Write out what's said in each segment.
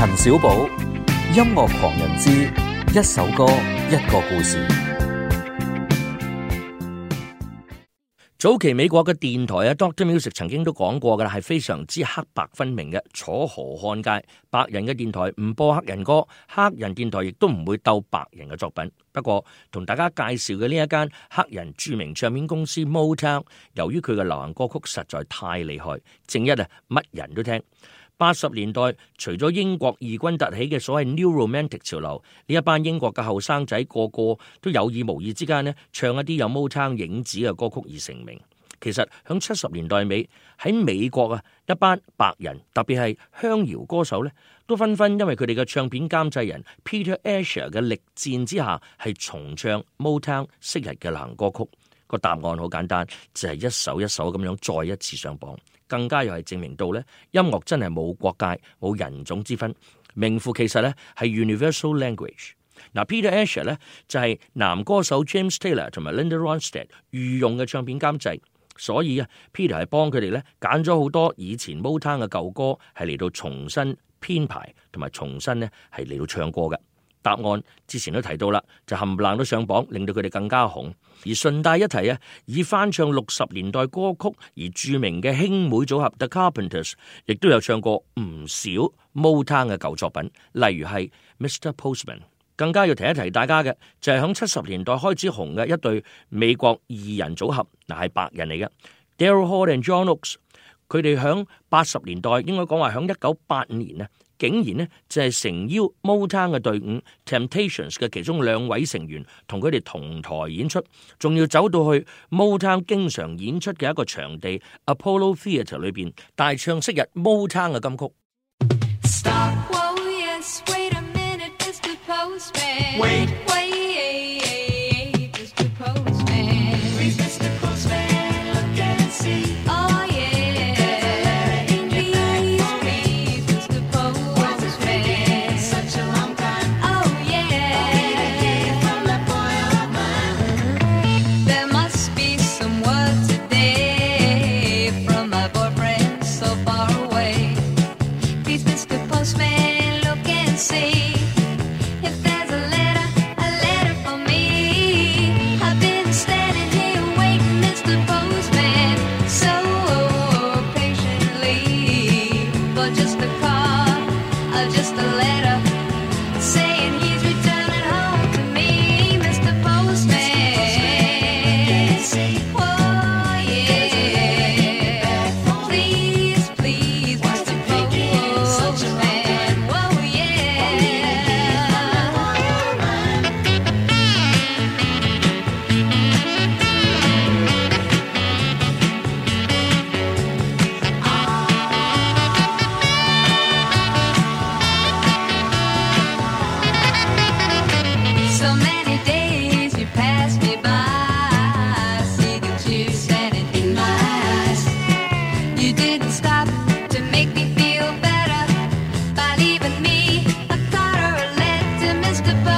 陳少寶，音樂狂人之一首歌一個故事。早期美國嘅電台啊，Doctor Music 曾經都講過噶啦，係非常之黑白分明嘅。楚河漢街，白人嘅電台唔播黑人歌，黑人電台亦都唔會斗白人嘅作品。不過同大家介紹嘅呢一間黑人著名唱片公司 Motown，由於佢嘅流行歌曲實在太厲害，正一啊乜人都聽。八十年代，除咗英國異軍突起嘅所謂 New Romantic 潮流，呢一班英國嘅後生仔個個都有意無意之間咧唱一啲有 Motown 影子嘅歌曲而成名。其實喺七十年代尾，喺美國啊一班白人，特別係鄉謠歌手呢，都紛紛因為佢哋嘅唱片監製人 Peter Asher 嘅力戰之下，係重唱 Motown 昔日嘅流行歌曲。個答案好簡單，就係一首一首咁樣再一次上榜。更加又係證明到咧，音樂真係冇國界、冇人種之分，名副其實咧係 universal language。嗱，Peter Asher 咧就係男歌手 James Taylor 同埋 Linda Ronstadt 御用嘅唱片監製，所以啊，Peter 係幫佢哋咧揀咗好多以前 Motown 嘅舊歌，係嚟到重新編排同埋重新咧係嚟到唱歌嘅。答案之前都提到啦，就冚唪唥都上榜，令到佢哋更加紅。而順帶一提啊，以翻唱六十年代歌曲而著名嘅兄妹組合 The Carpenters，亦都有唱過唔少 Motown 嘅舊作品，例如係 Mr. Postman。更加要提一提大家嘅，就係響七十年代開始紅嘅一對美國二人組合，嗱，係白人嚟嘅 Daryl Hall and John Oates。佢哋響八十年代，應該講話響一九八五年啊。竟然呢，就係誠邀 Motown 嘅隊伍 Temptations 嘅其中兩位成員同佢哋同台演出，仲要走到去 Motown 經常演出嘅一個場地 Apollo Theatre 裏邊大唱昔日 Motown 嘅金曲。Stop, Whoa, yes,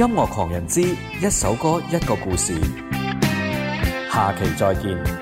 音樂狂人之一首歌，一個故事，下期再見。